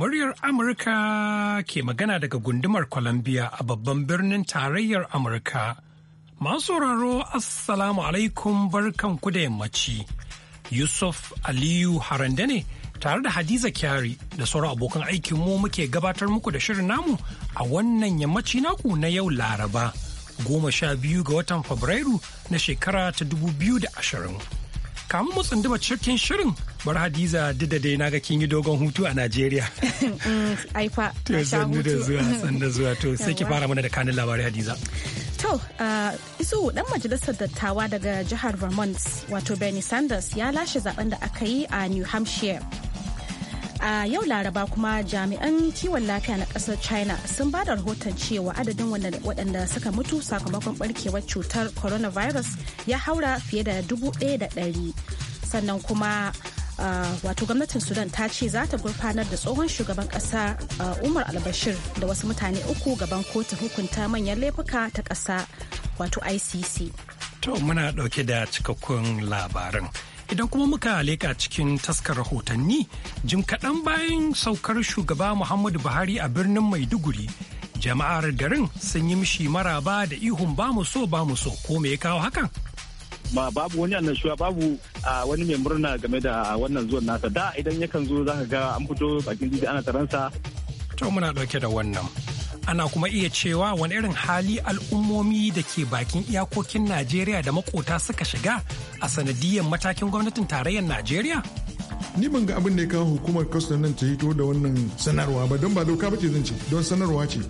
Muryar Amurka ke magana daga gundumar Columbia a babban birnin tarayyar Amurka. Masu sauraro Assalamu alaikum ku da yammaci. Yusuf Aliyu Harande ne tare da Hadiza Kyari da sauran abokan aikinmu muke gabatar muku da shirin namu a wannan yammaci naku na yau Laraba. Goma sha biyu ga watan Fabrairu na shekara ta dubu biyu da ashirin. kamun mu tsunduma cikin shirin Bar hadiza duk da dai naga kin yi dogon hutu a najeriya mm, ai fa to sannu da zuwa sanda zuwa to sai ki fara mana da kanin labarai hadiza To, uh, isu dan majalisar dattawa daga jihar Vermont, wato Bernie Sanders ya lashe zaben da aka yi a New Hampshire. a yau laraba kuma jami'an kiwon lafiya na kasar china sun ba da rahoton cewa adadin waɗanda suka mutu sakamakon barkewar cutar coronavirus ya haura fiye da dubu ɗaya da ɗari sannan kuma wato gwamnatin sudan ta ce za ta gurfanar da tsohon shugaban kasa umar albashir da wasu mutane uku gaban kotun hukunta manyan laifuka ta kasa wato icc to muna dauke da cikakkun labarin. Idan kuma muka leka cikin taskar rahotanni, jim kaɗan bayan saukar shugaba Muhammadu Buhari a birnin Maiduguri, jama'ar garin sun yi mishi maraba da ihun ba mu so ba mu so ko me ya kawo hakan? ma babu wani annashuwa babu a wani mai murna game da wannan zuwan nasa da idan yakan zo za ka ga an fito bakin jiji ana taransa to muna dauke da wannan ana kuma iya cewa wani irin hali al'ummomi da ke bakin iyakokin najeriya da makota suka shiga a sanadiyar matakin gwamnatin tarayyar najeriya ni ban ga abin da ya kawo hukumar kwastam nan ta hito da wannan sanarwa ba don ba doka ba ce zan ce don sanarwa ce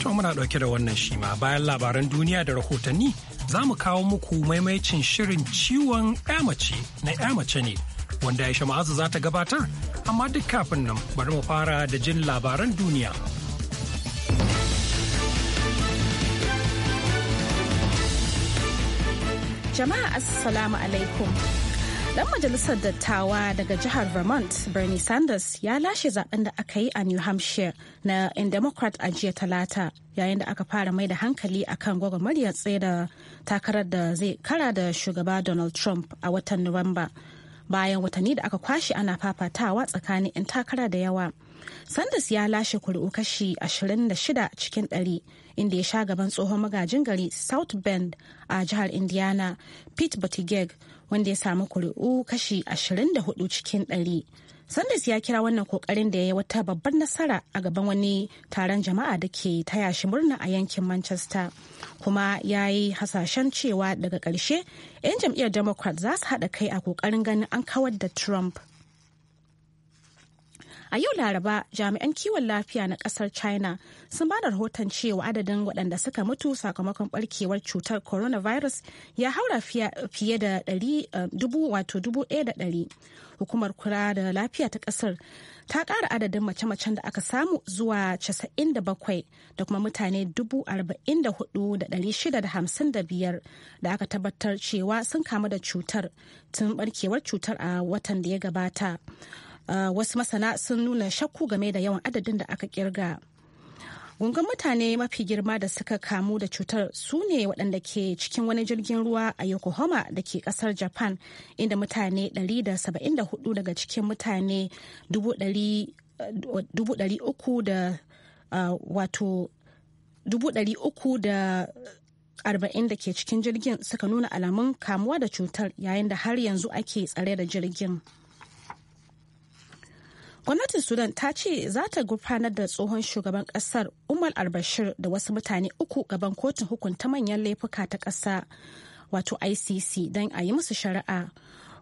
to muna dauke da wannan shi ma bayan labaran duniya da rahotanni za mu kawo muku maimaicin shirin ciwon mace na mace ne wanda aisha shama'azu za ta gabatar amma duk kafin nan bari mu fara da jin labaran duniya. Jama'a Assalamu alaikum. Dan majalisar dattawa daga jihar Vermont, Bernie Sanders ya lashe zaben da aka yi a New Hampshire na in Democrat a jiya talata yayin da aka fara mai da hankali a akan gwagwarmariyar tsaye da takarar da zai kara da shugaba Donald Trump a watan Nuwamba. Bayan watanni da aka kwashe ana fafatawa tsakanin 'yan takara da yawa. Sanders ya lashe kuri'u kashi 26 cikin 100 inda ya sha gaban tsohon magajin gari south bend a jihar indiana pete buttigieg wanda ya samu kuri'u kashi 24 cikin 100 sanders ya kira wannan kokarin da ya yi wata babbar nasara a gaban wani taron jama'a da ke taya shi murna a yankin manchester kuma ya yi hasashen cewa daga ƙarshe 'yan jam'iyyar democrat za su haɗa kai a kokarin ganin an kawar da trump A yau Laraba, jami'an kiwon lafiya na kasar China sun ba da rahoton cewa adadin waɗanda suka mutu sakamakon barkewar cutar coronavirus ya haura fiye da eh, dubu ɗaya da ɗari. Hukumar kula da lafiya ta ƙasar ta ƙara adadin mace-macen da aka samu zuwa 97 da kuma mutane 44,655 da aka tabbatar cewa sun kamu da cutar tun barkewar cutar a watan da ya gabata. Ah, wasu masana sun nuna shakku game da yawan adadin da aka kirga gungun mutane mafi girma da suka kamu da cutar su ne waɗanda ke cikin wani jirgin ruwa a yokohama da ke ƙasar japan inda mutane 174 daga cikin mutane 300 da ah, wato da arba'in da ke cikin jirgin suka nuna alamun kamuwa da cutar yayin da har yanzu ake tsare da jirgin. gwamnatin sudan ta ce za ta gurfanar da tsohon shugaban kasar umar albashir da wasu mutane uku gaban kotun hukunta manyan laifuka ta kasa wato icc don a yi musu shari'a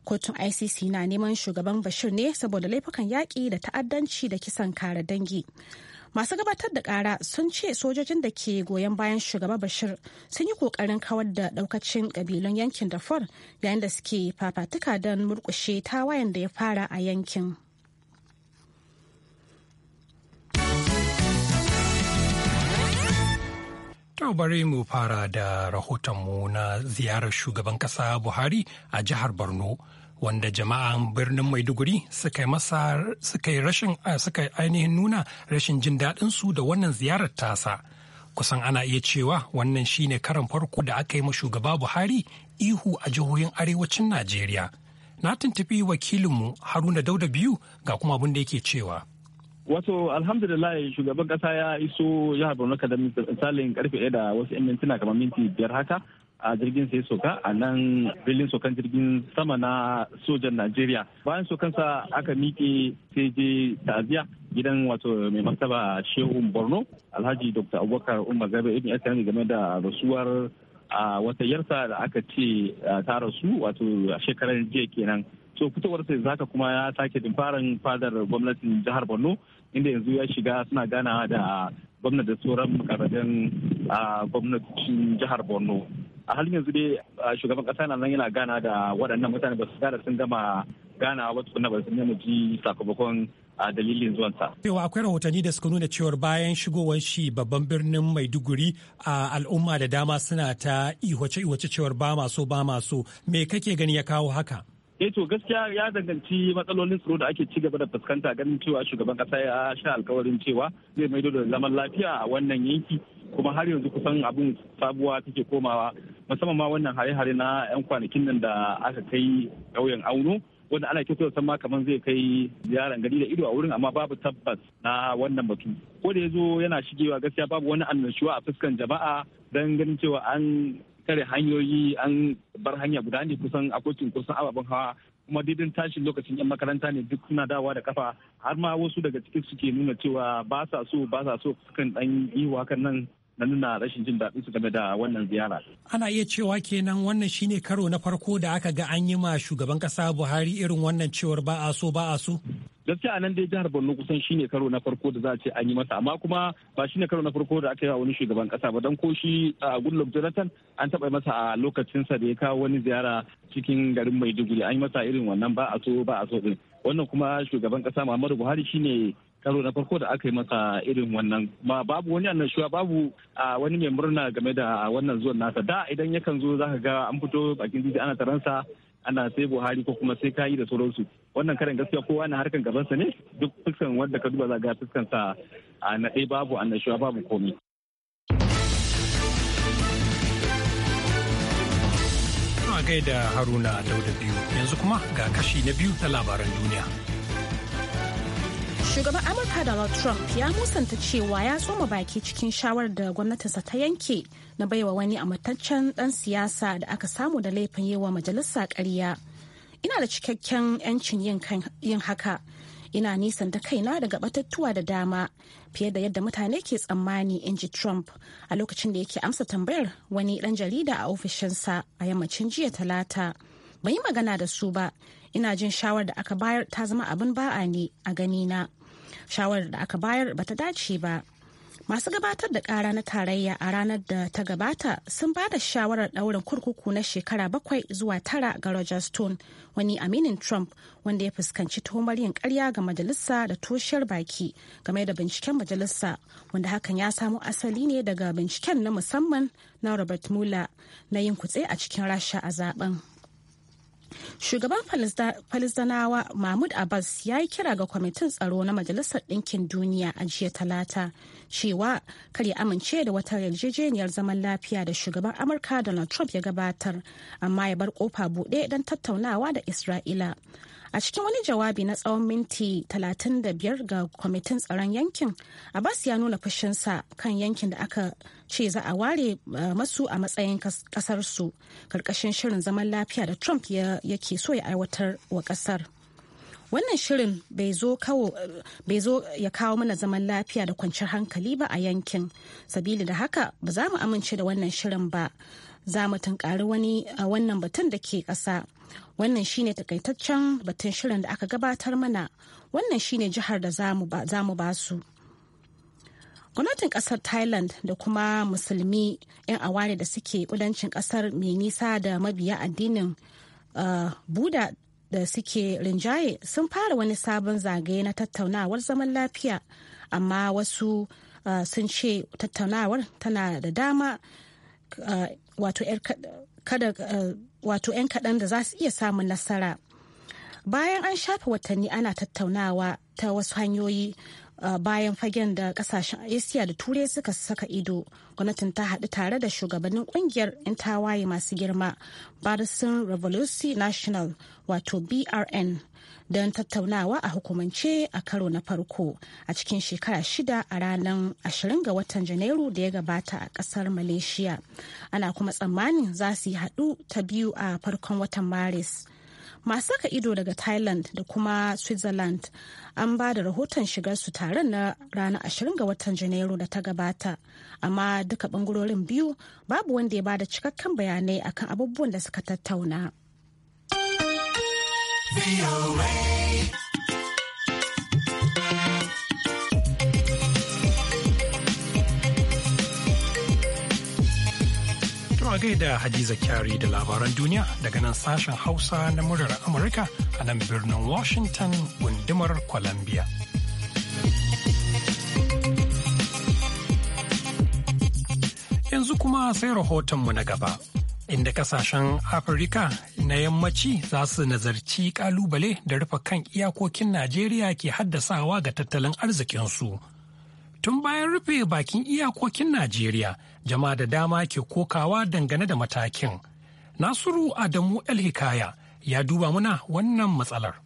kotun icc na neman shugaban bashir ne saboda laifukan yaƙi da ta'addanci da kisan kare dangi masu gabatar da kara sun ce sojojin da ke goyon bayan shugaba bashir sun yi kokarin kawar da daukacin kabilun yankin da yayin da suke fafatuka don murkushe tawayen da ya fara a yankin To bari mu fara da rahotonmu na ziyarar shugaban ƙasa Buhari a jihar Borno. wanda jama'an birnin maiduguri suka yi ainihin nuna rashin jin su da wannan ziyarar tasa kusan ana iya cewa wannan shine karan farko da aka yi shugaba buhari ihu a jihohin arewacin najeriya na tuntubi wakilinmu haruna dauda biyu ga kuma abin da yake cewa Wato alhamdulillah shugaban kasa ya iso jihar Borno da misalin karfe ɗaya da wasu 'yan mintuna kamar minti biyar haka a jirgin sai soka a nan filin sokan jirgin sama na sojan Najeriya. Bayan sokansa aka miƙe sai je ta'aziya gidan wato mai martaba Shehu Borno Alhaji Dr. Abubakar Umar gaba Ibn Asani game da rasuwar a wata yarsa da aka ce ta rasu wato a shekarar jiya kenan. so fitowar sai zaka kuma ya sake dimfarin fadar gwamnatin jihar borno inda yanzu ya shiga suna gana da gwamnati da sauran mukarraben gwamnatin jihar borno a halin yanzu dai shugaban kasa na nan yana gana da waɗannan mutane ba su gana sun gama gana wasu kuna ba su nemi ji sakamakon a dalilin zuwansa. Cewa akwai rahotanni da suka nuna cewar bayan shigowar shi babban birnin Maiduguri a al'umma da dama suna ta iwace iwace cewar ba maso ba maso me kake gani ya kawo haka? eh to gaskiya ya danganci matsalolin tsaro da ake ci gaba da fuskanta ganin cewa shugaban kasa ya sha alkawarin cewa zai maido da zaman lafiya a wannan yanki kuma har yanzu kusan abin sabuwa take komawa musamman ma wannan hare-hare na 'yan kwanakin nan da aka kai ƙauyen auno wanda ana kito san ma kamar zai kai ziyaran gari da ido a wurin amma babu tabbas na wannan batu ko da zo yana shigewa gaskiya babu wani annashuwa a fuskan jama'a dan ganin cewa an tare hanyoyi an bar hanya guda ne kusan akwai kusan ababen hawa kuma daidai tashin lokacin yan makaranta ne duk suna dawa da kafa har ma wasu daga cikin suke nuna cewa ba sa so ba sa so sukan dan yi kan nan na nuna rashin jin daɗin su game da wannan ziyara. Ana iya cewa kenan wannan shine karo na farko da aka ga an yi ma shugaban kasa Buhari irin wannan cewar ba a so ba a so. gaskiya nan dai jihar borno kusan shine karo na farko da za a ce an yi masa amma kuma ba shine karo na farko da aka yi wa wani shugaban kasa ba don ko shi a goodluck jonathan an taɓa masa a lokacinsa da ya kawo wani ziyara cikin garin maiduguri an yi masa irin wannan ba a so ba a so din wannan kuma shugaban kasa muhammadu buhari shine karo na farko da aka yi masa irin wannan ba babu wani annashuwa babu wani mai murna game da wannan zuwan nasa da idan yakan zo zaka ga an fito bakin titi ana taransa ana sai buhari ko kuma sai kayi da sauransu wannan karin gaskiya kowa na harkan gabansa ne duk fuskan wanda ka duba za ga fuskansa a naɗe babu annashuwa babu komi gaida haruna dauda biyu yanzu kuma ga kashi na biyu ta labaran duniya Shugaban Amurka Donald Trump ya musanta cewa ya tsoma baki cikin shawarar da gwamnatinsa ta yanke na baiwa wani amintaccen ɗan siyasa da aka samu da laifin yi wa majalisa ƙarya. Ina da cikakken 'yancin yin haka. Ina nisan da kaina daga batattuwa da dama fiye da yadda mutane ke tsammani in ji Trump a lokacin da yake amsa tambayar wani ɗan jarida a ofishinsa a yammacin jiya talata. Bai magana da su ba, ina jin shawar da aka bayar ta zama abin ba'a ne a ganina. shawarar da aka bayar ba ta dace ba masu gabatar da kara na tarayya a ranar da ta gabata sun ba da shawarar ɗaurin kurkuku na shekara bakwai zuwa tara ga roger stone wani aminin trump wanda ya fuskanci tuhumar yin karya ga majalisa da toshiyar baki game da binciken majalisa wanda hakan ya samo asali ne daga binciken na musamman na robert mueller na yin kutse a cikin rasha a zaben Shugaban Falisdanawa Mahmud Abbas ya yi kira ga kwamitin tsaro na Majalisar Ɗinkin Duniya a jiya talata cewa kar ya amince da wata yarjejeniyar zaman lafiya da shugaban Amurka Donald Trump ya gabatar amma ya bar kofa buɗe don tattaunawa da Isra'ila. a cikin wani jawabi na tsawon minti 35 ga kwamitin tsaron yankin abbas ya nuna fushinsa kan yankin da aka ce za a ware eh, masu a matsayin kasarsu karkashin shirin zaman lafiya da trump yake so ya aiwatar wa kasar wannan shirin bai zo ya kawo mana zaman lafiya da kwanciyar hankali ba a yankin sabili da haka ba za mu amince da wannan shirin ba za mu tunkari wani wannan batun da ke ƙasa Wannan shine takaitaccen batun shirin da aka gabatar mana. Wannan shine jihar da za mu ba su. Gwamnatin kasar Thailand da kuma musulmi 'yan aware da suke kudancin kasar mai nisa da mabiya addinin uh, Buda da suke rinjaye sun fara wani sabon zagaye na tattaunawar zaman lafiya amma wasu uh, sun ce tattaunawar tana da dama uh, wato kada eh, wato 'yan kaɗan da za su iya samun nasara bayan an shafe watanni ana tattaunawa ta wasu hanyoyi eh, bayan fagen da kasashen asiya da turai suka saka ido gwamnatin ta haɗu tare da shugabannin ƙungiyar 'yan tawaye masu girma barisan revolution national wato brn don tattaunawa a hukumance a karo na farko a cikin shekara shida a ranar 20 ga watan janairu da ya gabata a kasar malaysia ana kuma tsammanin za su yi haɗu ta biyu a farkon watan maris masu saka ido daga thailand da kuma switzerland an ba da rahoton su taron na ranar 20 ga watan janairu da ta gabata amma duka bangarorin biyu babu wanda ya ba da cikakken bayanai akan abubuwan da suka tattauna. gai gaida Hadiza Kyari da labaran duniya daga nan sashen Hausa na murar Amurka a nan birnin Washington gundumar Columbia. Yanzu kuma sai rahotonmu na gaba. inda kasashen afirka na yammaci za su nazarci kalubale da rufe kan iyakokin najeriya ke haddasawa ga tattalin arzikinsu tun bayan rufe bakin iyakokin najeriya jama'a da dama ke kokawa dangane da matakin nasiru adamu el hikaya ya duba muna wannan matsalar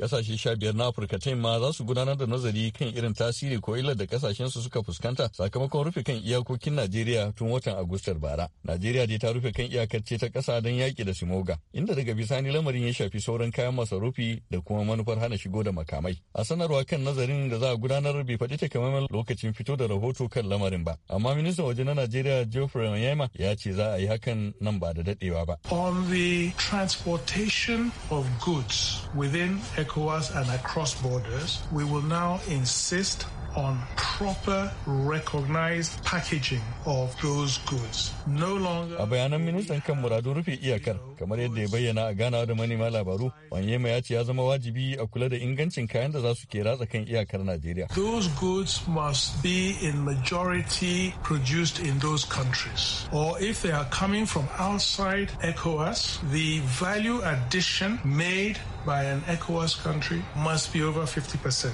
kasashe sha biyar na afirka ta ma za su gudanar da nazari kan irin tasiri ko illar da kasashen su suka fuskanta sakamakon rufe kan iyakokin najeriya tun watan agustar bara najeriya dai ta rufe kan iyakar ta kasa don yaki da simoga inda daga bisani lamarin ya shafi sauran kayan masarufi da kuma manufar hana shigo da makamai a sanarwa kan nazarin da za a gudanar bai faɗi takamaiman lokacin fito da rahoto kan lamarin ba amma ministan waje na najeriya geoffrey onyema ya ce za a yi hakan nan ba da daɗewa ba on the transportation of goods within ECOWAS and across borders, we will now insist on proper recognized packaging of those goods. No longer A bayanan ministan kan muradun rufe iyakar kamar yadda ya bayyana a ganawa da manema labaru, Wanyema ya ce ya zama wajibi a kula da ingancin kayan da za su iyakar Najeriya. Those goods must be in majority produced in those countries or if they are coming from outside ECOWAS, the value addition made by an ECOWAS country must be over 50%.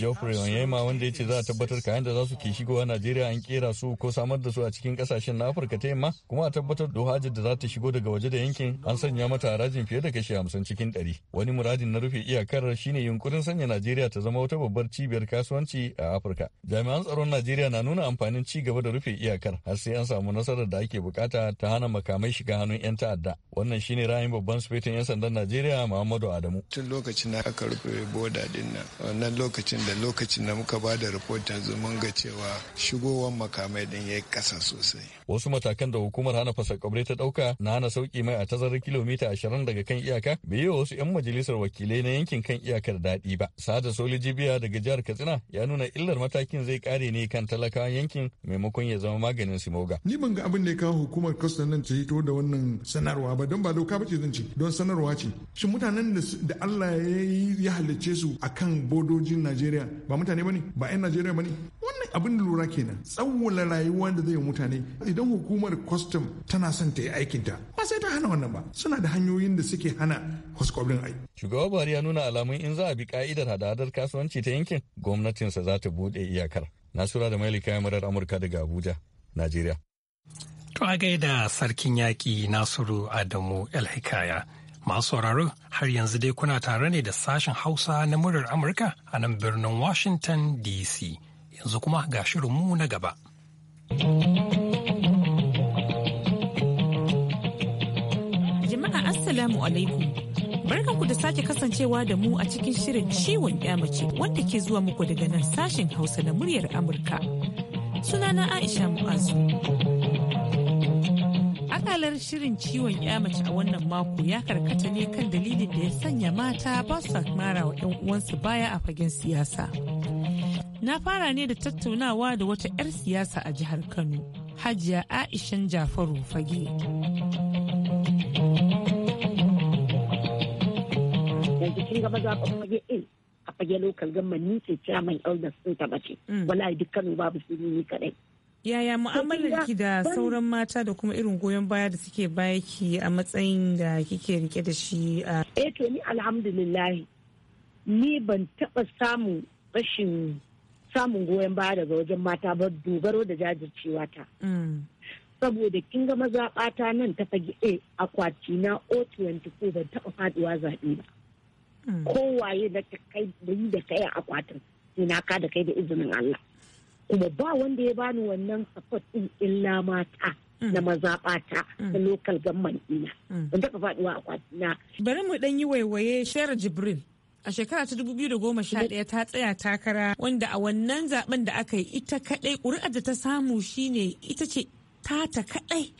Geoffrey Onyema wanda ya ce za a tabbatar kayan da za su ke shigowa Najeriya an kera su ko samar da su a cikin kasashen na Afirka ta yamma kuma a tabbatar da hajjar da za ta shigo daga waje da yankin an sanya mata harajin fiye da kashi hamsin cikin ɗari. Wani muradin na rufe iyakar shine yunkurin sanya Najeriya ta zama wata babbar cibiyar kasuwanci a Afirka. Jami'an tsaron Najeriya na nuna amfanin ci gaba da rufe iyakar har sai an samu nasarar da ake bukata ta hana makamai shiga hannun 'yan ta'adda. Wannan shine ra'ayin babban sufetin 'yan sandan Najeriya Muhammadu Adamu. Tun lokacin da aka rufe boda din nan, wannan lokacin da lokacin da muka ba da rahoton mun ga cewa shigowar makamai din ya kasa sosai. Wasu matakan da hukumar hana fasa kabre ta ɗauka na hana sauƙi mai a tazarar kilomita ashirin daga kan iyaka bai yi wasu 'yan majalisar wakilai na yankin kan iyakar daɗi ba. Sada Soli Jibiya daga jihar Katsina ya nuna illar matakin zai ƙare ne kan talakawan yankin maimakon ya zama maganin simoga. Ni ban ga abin da ya kawo hukumar kwastan nan ta to da wannan sanarwa ba don ba doka ba ce zan ce don sanarwa ce. Shin mutanen da Allah ya halicce su akan bodojin Najeriya ba mutane ba ne? ba 'yan najeriya ba ne wannan abin da lura kenan tsawwala rayuwa da zai mutane idan hukumar kwastam tana son ta yi aikinta ba sai ta hana wannan ba suna da hanyoyin da suke hana kwastam ai shugaba buhari ya nuna alamun in za a bi ka'idar hadadar kasuwanci ta yankin gwamnatinsa za ta bude iyakar nasura da mailika ya murar amurka daga abuja najeriya to a gaida sarkin yaƙi nasiru adamu alhikaya Masu sauraro har yanzu dai kuna tare ne da sashen Hausa na muryar Amurka a nan birnin Washington DC. Yanzu kuma ga shirinmu na gaba. Jama'a Assalamu alaikum. Barkanku da sake kasancewa da mu a cikin shirin ciwon mace wanda ke zuwa muku daga nan sashen Hausa na muryar Amurka. Sunana Aisha Mu'azu. Akalar shirin ciwon ya mace a wannan mako ya karkata ne kan dalilin da ya sanya mata ba su mara wa 'yan uwansu baya a fagen siyasa. Na fara ne da tattaunawa da wata 'yar siyasa a jihar Kano, Hajiya Aishan Jafaru Fage. zaɓen a fage lokal gama ni ce chairman elders sun ta ce mm. Wala duk babu su ni kaɗai. yaya mu'amalar ki da sauran mata da kuma irin goyon baya da suke ki a matsayin da kike rike da shi a eh to ni alhamdulillah ni ban taba samun rashin samun goyon baya daga wajen mata ba dogaro da jajircewa ta mm. saboda kin ga maza bata nan ta fage a eh, akwati na o24 ban taba faduwa zaɓe ba mm. kowaye da kai da kai akwatin ina ka da kai da izinin Allah kuma ba wanda ya bani wannan support din illa mata mm. na mazaɓata mm. na local government ina mm. ban taɓa faɗuwa a kwatina. bari mu dan yi waiwaye shara jibril a shekara ta 2011 ta tsaya takara wanda a wannan zaben da aka yi ita kadai ƙuri'ar da ta samu shine ita ce tata kadai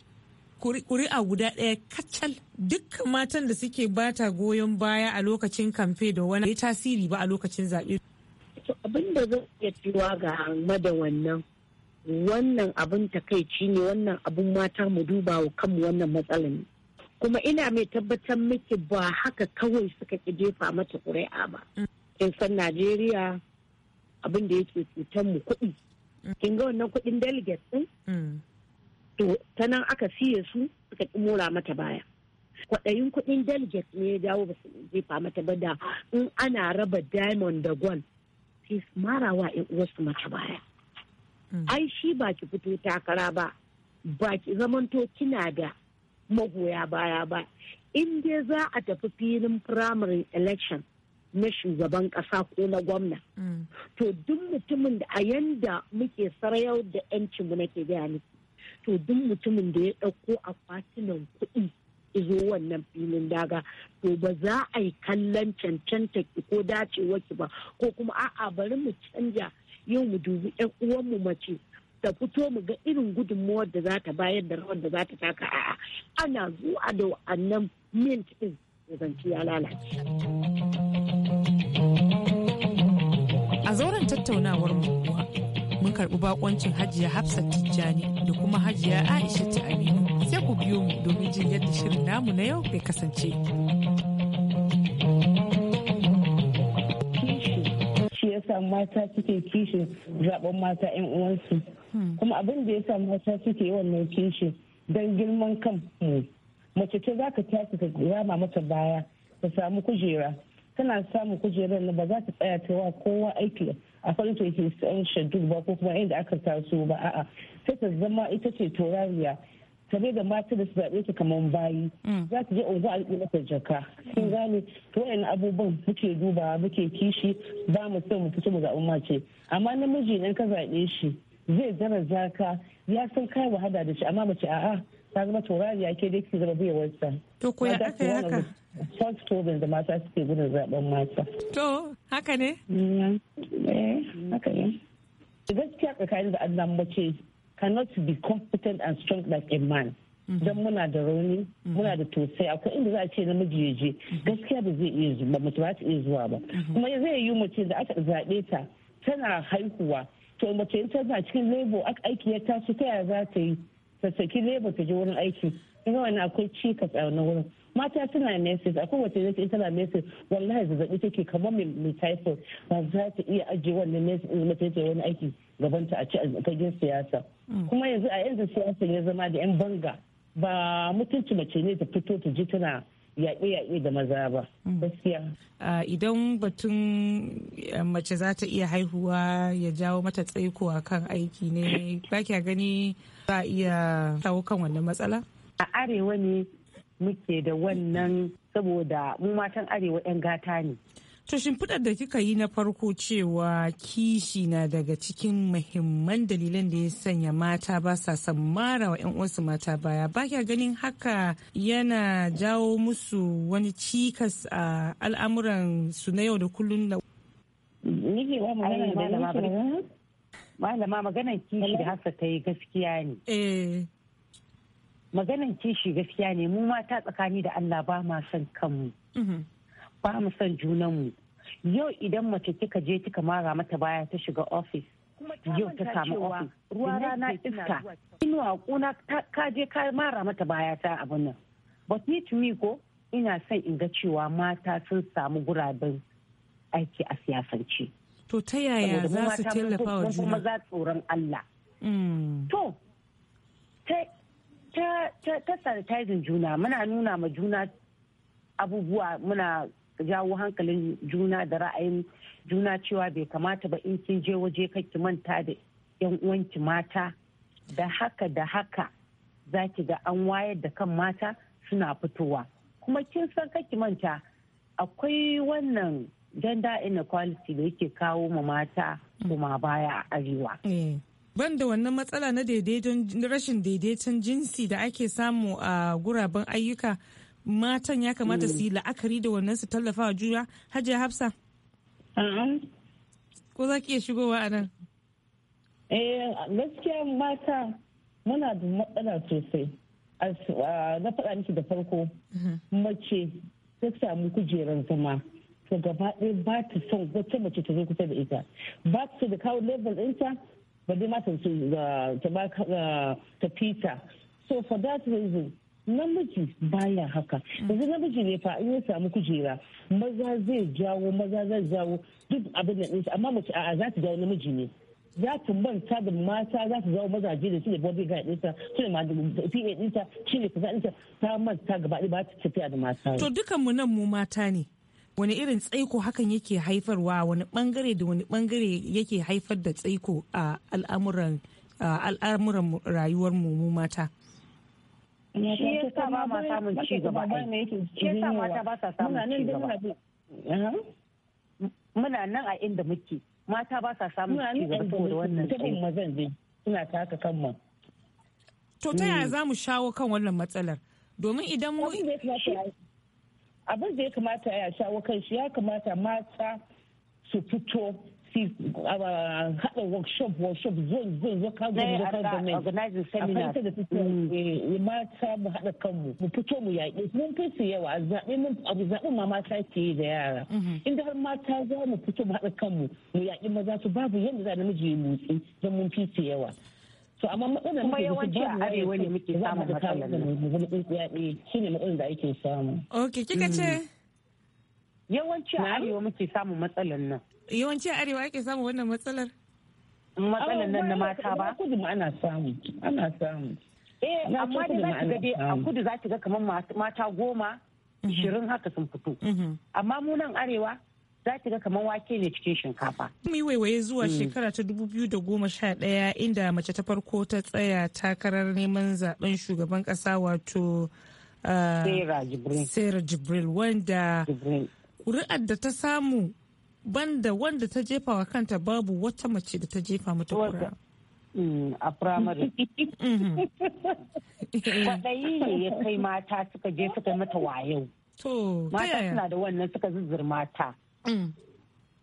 ƙuri'a guda ɗaya kacal duk matan da suke bata goyon baya a lokacin kamfe da wani tasiri ba a lokacin zaɓe wato abin da zan iya cewa ga game da wannan wannan abin takaici ne wannan abin mata mu duba wa kanmu wannan matsalin kuma ina mai tabbatar miki ba haka kawai suka ki jefa mata ƙuri'a ba kin san najeriya abin da yake cutar mu kuɗi kin ga wannan kuɗin delegates din mm. to ta nan aka siye su suka ki mora mata baya kwaɗayin kuɗin delegate ne ya dawo ba su jefa mata ba da in ana raba diamond da gwal sai su marawa yan uwarsu mata baya hmm. ai shi ba ki fito takara ba ba ki zamanto kina da magoya baya ba in dai za a tafi filin primary election na shugaban kasa ko na gwamna hmm. to duk mutumin da a yanda muke sarayau da 'yancinmu nake gaya miki to duk mutumin da ya ɗauko akwatunan kuɗi izo wannan filin daga to ba za a yi kallon cancanta ki ko dacewa ki ba ko kuma a'a bari mu canja yau mu dubi yan mu mace ta fito mu ga irin gudunmuwar da za ta bayar da rawar da za ta taka a'a ana zuwa da wa'annan mint din da zance ya lalace. A zauren tattaunawar mu mun karɓi bakoncin hajiya Hafsat Tijjani da kuma hajiya Aisha ta Aminu. biyo domin jin yadda shirin namu na yau bai kasance. Shi sa mata suke kishin zaben mata 'yan uwansu. Hmm. Kuma abin da ya sa mata suke yawan kishin don girman kan mace ce za ka tashi ka rama mata baya ka samu kujera tana samun kujerar na ba za ta tsaya ta wa kowa aiki a farko ke san shaddu ba ko kuma inda aka taso ba a'a sai ta zama ita ce turariya. ka da mata da su zaɓe su kamar bayi mm. za su je unguwa a riƙe masa jaka sun gane to wayan abubuwan muke duba muke kishi ba mu son mu fito mu zaɓi mace amma namiji idan ka zaɓe shi zai zara zaka ya san kai wahala da shi amma mace a'a ta zama taurariya ke dai ki zama wasa. To ko ya aka haka? First problem da mata suke gudun zaɓen mata. To haka ne? Mm, eh haka ne. Gaskiya tsakanin da Allah mace cannot be competent and strong like a man mm-hmm. don muna da rauni mm-hmm. muna da tosai akwai inda za a ce namiji ya je mm-hmm. gaskiya ba zai iya zuwa mace ba ta iya zuwa ba kuma zai yi mace da aka zaɓe ta tana haihuwa to mace in tana cikin lebo aka aiki ya taso ta yaya za ta yi ta saki lebo ta je wurin aiki ina wani akwai cikas a wannan wurin mata suna message akwai wace zai in tana meses wallahi zazzabi take kamar mai typhoid ba za ta iya ajiye wannan meses mace ta wani aiki gabanta a ci a fagen siyasa mm. kuma yanzu a yanzu siyasan ya zama da 'yan banga ba mutunci mace ne ta fito ta ji tana yaƙe-yaƙe da maza ba mm. gaskiya idan batun eh, mace za ta iya haihuwa ya jawo mata tsaiko a kan aiki ne ba kya gani za a iya kawo kan wannan matsala a arewa ne muke da wannan saboda mu matan arewa 'yan gata ne To shimfiɗar da kika yi na farko cewa kishi na daga cikin muhimman dalilan da ya sanya mata ba sa son mara wa 'yan uwansu mata baya ba kya ganin haka yana jawo musu wani cikas a al'amuran su na yau da kullun da malama maganar kishi da ta yi gaskiya ne eh. maganar mu mata tsakani da allah ba ma son kanmu mhm. ba mu son junanmu yau idan mace kika je kika mara mata baya ta shiga ofis yau ta samu ofis ruwa rana iska inuwa kuna ka je ka mara mata baya ta abin nan but ni to me ko ina son in ga cewa mata sun samu guraben aiki a siyasance to ta yaya za su tallafa wa juna za tsoron Allah mm. to ta sanitizing juna muna nuna ma juna abubuwa muna jawo hankalin juna da ra'ayin juna cewa bai kamata ba in kin je waje ki manta da yan uwanki mata da haka da haka za ki ga an wayar da kan mata suna fitowa kuma kin san ki manta akwai wannan gender inequality da yake kawo ma mata kuma baya a arewa eh, ban da wannan matsala na rashin daidaiton jinsi da ake samu a guraben ayyuka matan ya kamata su yi la'akari da wannan su tallafa wa juna hajji hafsa ko za ki iya shigowa a nan eh, gaskiya mata muna da matsala sosai na faɗa miki da farko mhm. mace ta samu kujerar zama to gaba ɗaya ba ta son wata mace ta zo kusa da ita ba ta so da kawo level ɗinta ba dai ma ta so ta fita so for that reason namiji baya haka yanzu namiji ne fa in ya samu kujera maza zai jawo maza zai jawo duk abin da ɗinsa amma mace a'a za ta jawo namiji ne za ta manta da mata za ta jawo mazaje da su ne bobby guy ɗinsa su ne pa ɗinsa shi ne kasa ɗinsa ta manta gaba ɗaya ba ta tafiya da mata. to mu nan mu mata ne wani irin tsaiko hakan yake haifarwa wani bangare da wani bangare yake haifar da tsaiko a al'amuran al'amuran rayuwar mu mata. shi ya sa ba ma samun ci gaba shi ya sa mata ba sa samun ci gaba muna nan a inda muke mata ba sa samun ci gaba saboda wannan tabin mazan dai suna taka kan mu to ta yaya hmm. zamu shawo kan wannan matsalar domin idan mu abin da ya kamata ya shawo kan shi ya kamata mata su fito si haɗa uh, uh, uh, workshop workshop zone zone zuwa government local government organizing seminar ta da suke mm. eh, eh, mata mu haɗa kanmu mu fito mu yaƙi mun fi su yawa zaɓe mun abu zaɓe ma mata ke yi da yara mhm. inda har mata za mu fito mu haɗa kanmu mu yaƙi maza su babu yadda za namiji ya motsi don mun fi su yawa to amma matsalar kuma yawanci a arewa ne muke samun matsalar nan eh, shine matsalar da ake samu okay kika ce mm. yawanci a arewa muke samun matsalar nan yawanci a arewa ake samu wannan matsalar matsalar nan na mata ba kudu ma ana samu ana samu eh amma da za ga dai a kudu za ki ga kamar mata goma mhm. ishirin haka sun fito mhm. amma mu nan arewa za ki ga kamar wake ne cikin shinkafa. Mu yi waiwaye zuwa mm. shekara ta dubu biyu da goma sha ɗaya inda mace ta farko ta tsaya takarar neman zaben shugaban ƙasa wato ah, Sarah Jibril wanda ƙuri'ar da ta samu banda wanda ta jefa wa kanta babu wata mace da ta jefa mata kura. Mm, a firamare. Mm-hmm. Mm-hmm. Kwaɗayi ne ya kai mata suka je suka mata wayo To, Mata suna da wannan suka zuzzur mata. Mm.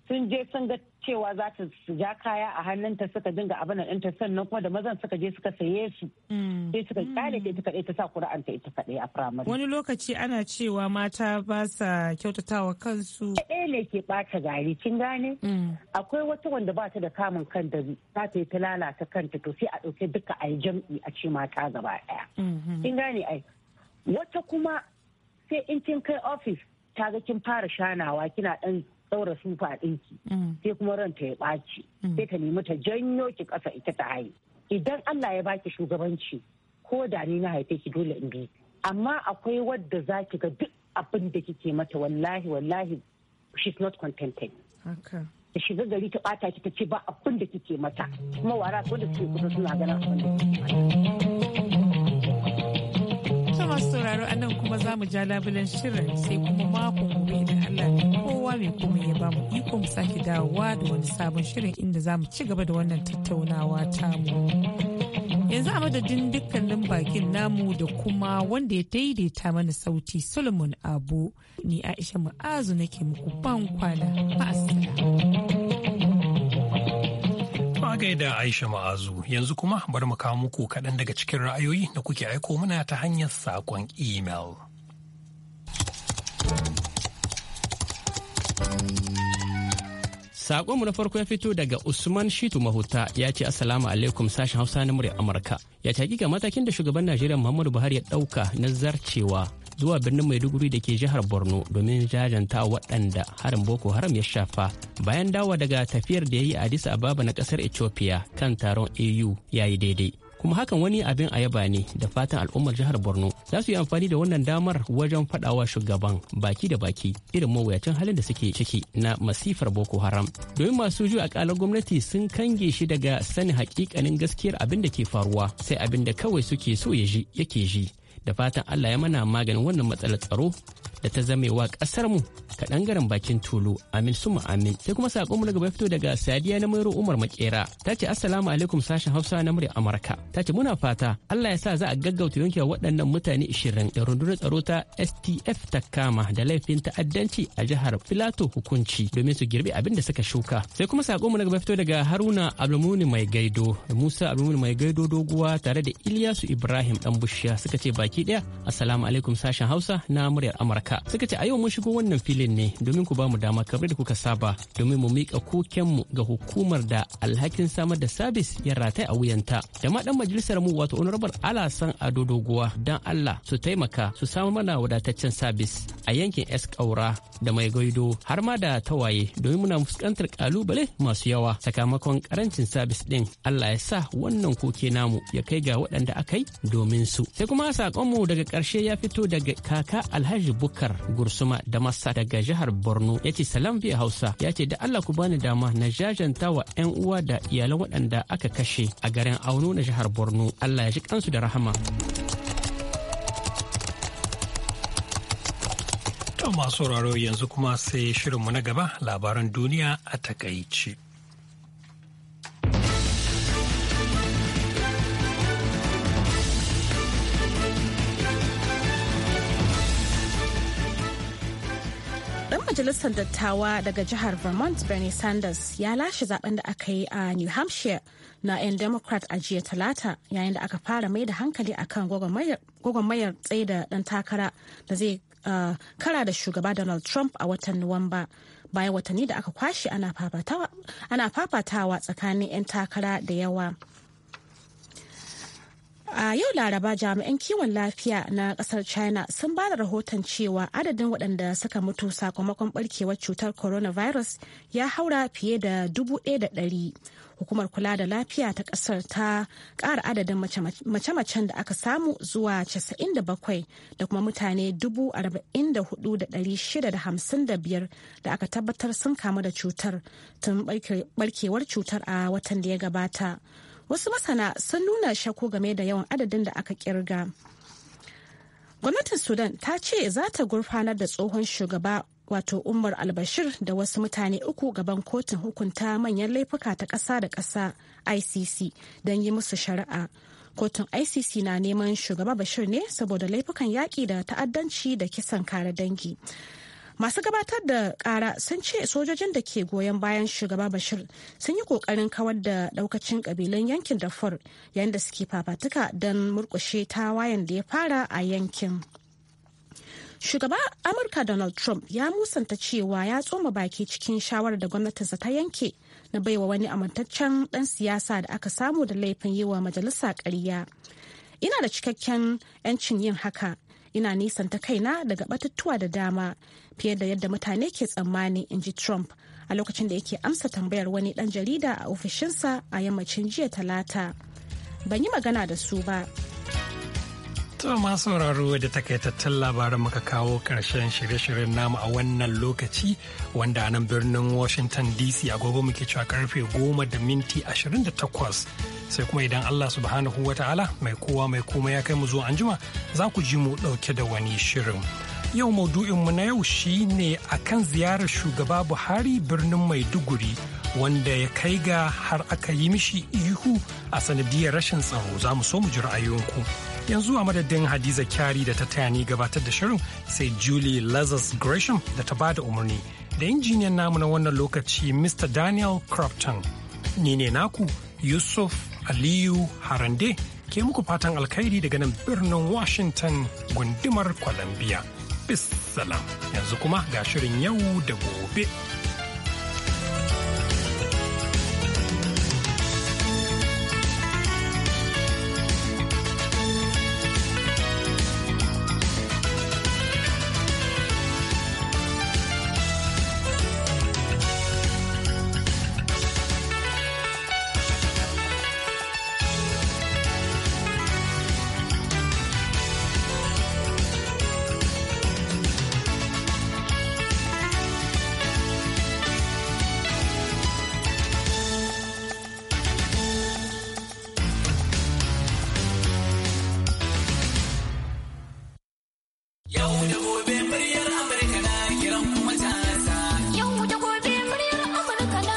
sun je sun ga cewa za ta ja kaya a hannunta suka dinga abin nan ɗinta sannan kuma da mazan suka je suka saye su mm. sai suka kyale mm. ta ita kaɗai ta sa ta ita kaɗai a firamare. Wani lokaci ana cewa mata ba sa kyautatawa kansu. Ɗaya ne ke ɓata gari kin gane? Mm. Akwai wata wanda ba ta da kamun kan da za ta yi ta lalata kanta to sai a ɗauke duka a yi jam'i a ce mata gaba ɗaya. Mm-hmm. Kin gane ai? Wata kuma sai in kin kai ofis ta ga kin fara shanawa kina ɗan ɗaura sufa ɗinki mm. sai kuma ran ta ya ɓaci mm. sai ta nemi ta janyo ki ƙasa ita ta haye idan Allah ya baki shugabanci ko da ni na haife ki dole in bi amma akwai wadda za ki ga duk abin da kike mata wallahi wallahi she's not contented ta shiga gari ta ɓata ki ta ce ba abin da kike mata kuma wara ko da su kusa suna ganin abin da kike mata sauraro a nan kuma za mu ja labulen shirin sai kuma mako gobe idan Allah kowa mai kuma ya ba mu iko mu sake dawowa da wani sabon shirin inda za mu ci gaba da wannan tattaunawa ta mu Yanzu a madadin dukkanin bakin namu da kuma wanda ya daidaita mana sauti Solomon Abu ni Aisha Mu'azu nake muku ban kwana ma'asala. ba a gaida Aisha Ma'azu yanzu kuma bari mu kawo muku kaɗan daga cikin ra'ayoyi da kuke aiko mana ta hanyar saƙon email. Saƙonmu na farko ya fito daga Usman Shitu Mahuta ya ce Assalamu alaikum sashen Hausa na murya Amurka. Ya ce hakika matakin da shugaban Najeriya Muhammadu Buhari ya ɗauka na zarcewa zuwa birnin maiduguri da ke jihar borno domin jajanta waɗanda harin boko haram ya shafa bayan dawa daga tafiyar da ya yi addis ababa na ƙasar ethiopia kan taron au ya yi daidai kuma hakan wani abin a yaba ne da fatan al'ummar jihar borno za su yi amfani da wannan damar wajen fadawa shugaban baki da baki irin mawuyacin halin da suke ciki na masifar boko haram domin masu ju akalar gwamnati sun kange shi daga sanin hakikanin gaskiyar abin da ke faruwa sai abin da kawai suke so ya ji yake ji da fatan allah ya mana maganin wannan matsalar tsaro da ta zame wa kasar mu kadangaren bakin tulu amin suma amin sai kuma sakon mu na gaba fito daga sadiya na mairo umar makera ta ce assalamu alaikum sashen hausa na murya amurka ta ce muna fata allah ya sa za a gaggauta yanke waɗannan mutane ishirin. da rundunar tsaro ta stf ta kama da laifin ta'addanci a jihar filato hukunci domin su girbi abin da suka shuka sai kuma sakon mu na gaba fito daga haruna abdulmuni mai gaido da musa abdulmuni mai gaido doguwa tare da ilyasu ibrahim dan bushiya suka ce baki daya assalamu alaikum sashen hausa na muryar amurka haka suka ce a yau mun shigo wannan filin ne domin ku ba mu dama kamar da kuka saba domin mu miƙa kokenmu ga hukumar da alhakin samar da sabis ya rataye a wuyanta da ma dan majalisar mu wato honorable alasan ado doguwa dan allah su taimaka su samu mana wadataccen sabis a yankin eskaura da mai gaido har ma da tawaye domin muna fuskantar kalubale masu yawa sakamakon karancin sabis din allah ya sa wannan koke namu ya kai ga waɗanda aka yi domin su sai kuma sakonmu daga ƙarshe ya fito daga kaka alhaji buka abubakar gursuma da masa daga jihar borno ya ce salam biya hausa ya ce da allah ku bani dama na jajanta wa 'yan uwa da iyalan waɗanda aka kashe a garin auno na jihar borno allah ya ji kansu da rahama masu sauraro yanzu kuma sai shirinmu na gaba labaran duniya a takaice. Dan majalisar dattawa daga jihar Vermont Bernie Sanders ya lashe zaben da aka yi a New Hampshire na 'yan Democrat a jiya talata yayin da aka fara mai da hankali akan gwagwarmayar tsaye da dan takara da zai uh, kara da shugaba Donald Trump a watan Nuwamba. Bayan watanni da aka kwashe ana fafatawa tsakanin 'yan takara da yawa. A yau Laraba jami'an kiwon lafiya na kasar China sun bada rahoton cewa adadin waɗanda suka mutu sakamakon barkewar cutar coronavirus ya haura fiye da dubu da ɗari. Hukumar kula da lafiya ta ƙasar ta ƙara adadin mace-macen da aka samu zuwa 97 da kuma mutane 44,655 da aka tabbatar sun kamu da cutar tun barkewar cutar a watan da ya gabata. wasu masana sun nuna shakku game da yawan adadin da aka kirga gwamnatin sudan ta ce za ta gurfanar da tsohon shugaba wato umar albashir da wasu mutane uku gaban kotun hukunta manyan laifuka ta ƙasa da ƙasa icc don yi musu shari'a kotun icc na neman shugaba bashir ne saboda laifukan yaƙi da ta'addanci da kisan kare dangi masu gabatar da kara sun ce sojojin da ke goyon bayan shugaba bashir sun yi kokarin kawar da daukacin kabilan yankin darfur yayin da suke fafatuka don murkushe wayan da ya fara a yankin shugaba amurka donald trump ya musanta cewa ya tsoma baki cikin shawarar da gwamnatinsa ta yanke na baiwa wani amintaccen dan siyasa da aka samu da laifin yi wa majalisa ƙarya ina da cikakken 'yancin yin haka ina nisanta kaina daga batutuwa da dama fiye da yadda mutane ke tsammani in ji trump a lokacin da yake amsa tambayar wani dan jarida a ofishinsa a yammacin jiya talata ban yi magana da su ba To masauraro sauraro da takaitattun labaran muka kawo ƙarshen shirye-shiryen namu a wannan lokaci wanda a nan birnin Washington DC a gobe muke cewa karfe goma da minti ashirin da takwas, sai kuma idan Allah subhanahu wa ta'ala mai kowa mai kuma ya kai mu zuwa anjima za ku ji mu ɗauke da wani shirin. Yau maudu'inmu na yau shi shine akan ziyarar shugaba Buhari birnin Maiduguri wanda ya kai ga har aka yi mishi ihu a sanadiyar rashin tsaro za mu so mu ji ra'ayoyinku. yanzu a madadin hadiza kyari da ta taya ni gabatar da shirin sai julie lazarus gresham da ta bada umarni da injiniyan namu na wannan lokaci mr daniel crofton ni ne naku yusuf aliyu harande ke muku fatan alkhairi daga nan birnin washington gundumar columbia bis salam yanzu kuma ga shirin yau da gobe.